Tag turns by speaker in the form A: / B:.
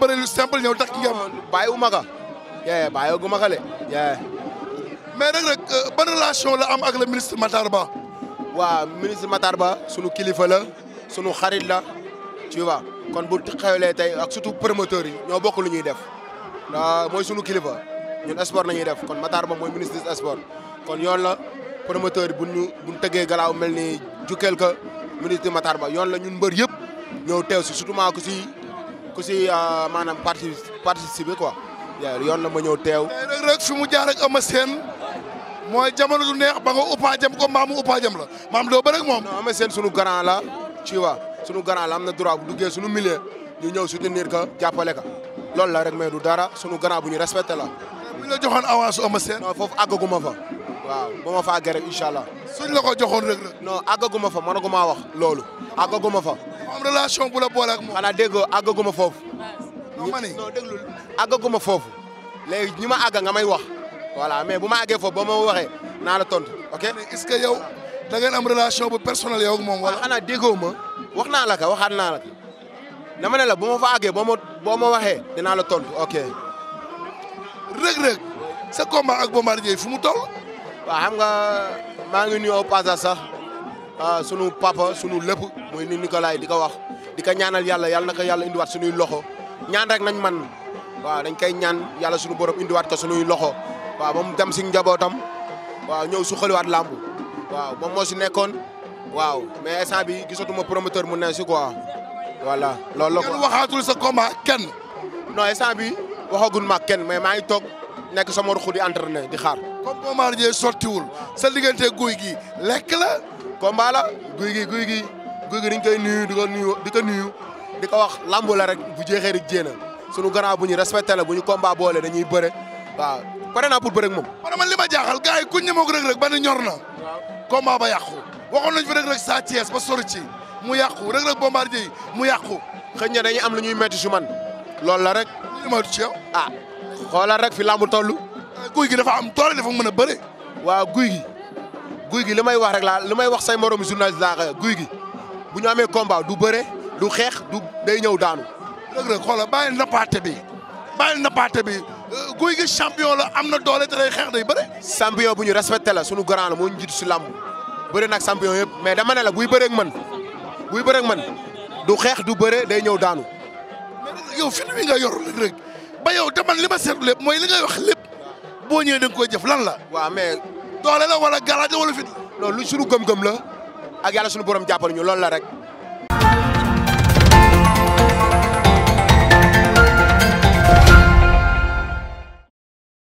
A: bëre lu simple ñëw takk ngeen. bàyyiwu ma ko. bàyyiwu ma ko de. mais Reug Reug euh, ban relation la am ak le ministre Matar Ba. waaw ministre Matar Ba sunu kilifa la sunu xarit la tu vois kon bu xewlee tey ak surtout promoteurs yi ñoo bokk lu ñuy def mooy sunu kilifa ñun sport la ñuy def kon Matar Ba mooy ministre des kon yoon la promoteur yi bu ñu bu ñu tëggee galaaw mel ni jukkeel ka ministre Matar Ba yoon la ñun mbër yëpp ñëw teew si surtout maa ko si. ku si euh, maanaam parti participer quoi yoon la ma ñëw teew. tey rek fi mu jaar ak Eumeu Sène mooy jamono du neex ba nga uppaa jëm ko mbaa mu uppaa jëm la maam doo bëri ak moom. non Eumeu Sène sunu grand la tu vois sunu grand la am na droit bu duggee sunu milieu ñu ñëw soutenir ko jàppale ko loolu la rek mais du dara sunu grand bu ñu respecté la. bu ñu la joxoon avance Eumeu Sène. non foofu àggaguma fa. waaw ba ma fa àggee rek incha allah. suñ la ko joxoon rek la. non àggaguma fa wax loolu àggaguma fa. dafa am relation bu la boole ak moom. xanaa déggoo àggaguma foofu. non ma ne non déglul àggaguma foofu léegi ñi ma àgga nga may wax voilà mais bu ma àggee foofu ba ma waxee naa la tontu ok. est-ce que yow da ngeen am relation bu personnel yow ak moom wala. Ah, xanaa déggoo ma wax naa la ka waxaat naa la ka dama ne la bu ma fa ma boo ma waxee dinaa la tontu ok. rëg-rëg sa fu mu toll. waaw xam nga maa ngi nuyoo Pazza Ah, sunu papa sunu lepp moy ni Nicolas diko wax diko ñaanal yalla yalla naka yalla indi wat sunuy loxo ñaan rek nañ man wa dañ koy ñaan yalla sunu borom wat ko sunuy loxo wa bam dem ci njabotam wa ñew su xëliwaat lamb wa moom mo ci nekkon wa mais instant bi gisatuma promoteur mu ne ci quoi voilà lolo la ko waxatul sa combat kenn non instant bi waxagul ma kenn mais ma ngi tok nek sama ruxu di entraîné di xaar comme Bombardier sottiwul sa diggante guy gi lekk la combat la guy gi guy gi guy gi dañ koy nuyu di ko nuyu di ko nuyu di ko wax lambu la rek bu jeexee rek jéena sunu grand bu ñu respecté la bu ñu combat boole dañuy bëre waaw pare naa pour bëre ak moom. pare man li ma jaaxal gars yi kuñ ne ma ko Reug Reug ba ni ñor na. combat ba yàqu. waxoon nañ fi Reug Reug Sa Thiès ba sori ci mu yàqu Reug Reug Bombardier yi mu yàqu. xëy na dañuy am lu ñuy métti si man loolu la rek. li ma ci yow ah xoolal rek fi lambu toll. guy gi dafa am doole dafa mën a bëre. waa guy gi guy gi li may wax rek laa li may wax say moromu journaliste laa guy gi bu ñu amee combat du bëre du xeex du day ñëw daanu. dëgg la xoolal bàyyi nappaate bi bàyyi nappaate bi euh, guy gi champion la am na doole te xeex day bëre. champion bu ñu respecté la sunu grand la moo ñu jiitu si làmb bëri nag champion yëpp mais dama ne la buy bëreeg man buy bëreeg man du xeex du bëre day ñëw daanu. yow fi nga yor rek ba yow te li ma seetlu lépp mooy li ngay wax lépp boo ñëwee da nga koy lan la. waa mais. doole la wala garaaj la wala fit la. non lu la ak yàlla suñu borom jàppal ñu loolu la rek.